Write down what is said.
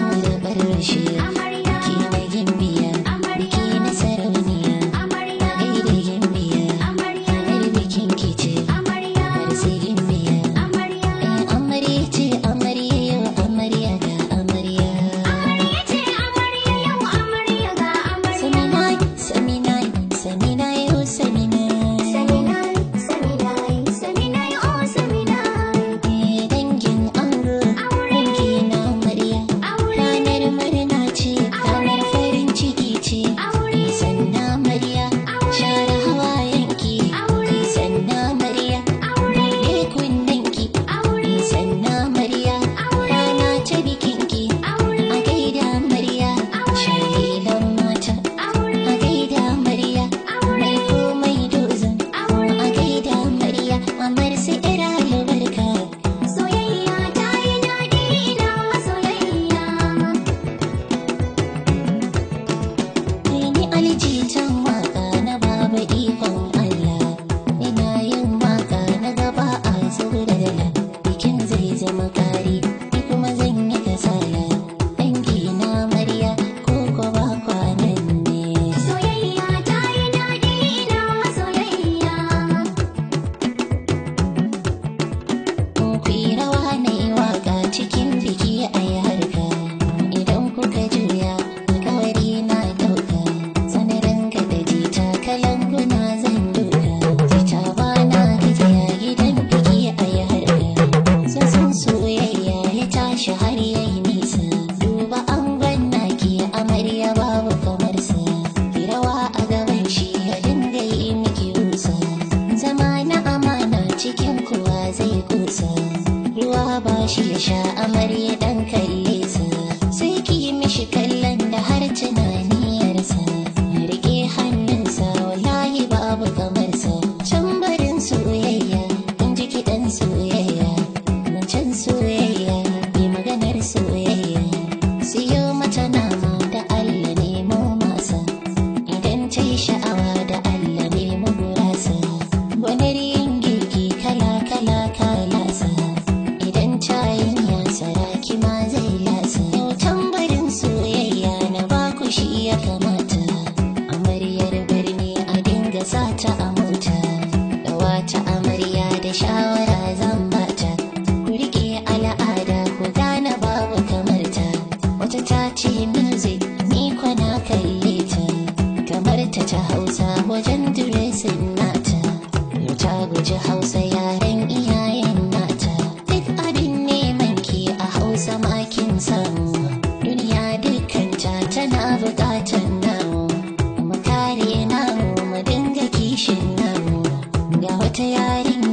better barar shi bashi ya sha amarya dan kalle sa sai ki mishi kallon da har tunaniyarsa rike hannunsa wallahi babu kamar sa can barin soyayya in ji kiɗan soyayya nan soyayya ta ta hausa wajen diresin nata ta guji hausa yaren iyayen nata duk abin neman ki a hausa makin samu duniya dukkanta tana bukatan namu mu kare namu mu dinga kishin namu ga wata yarin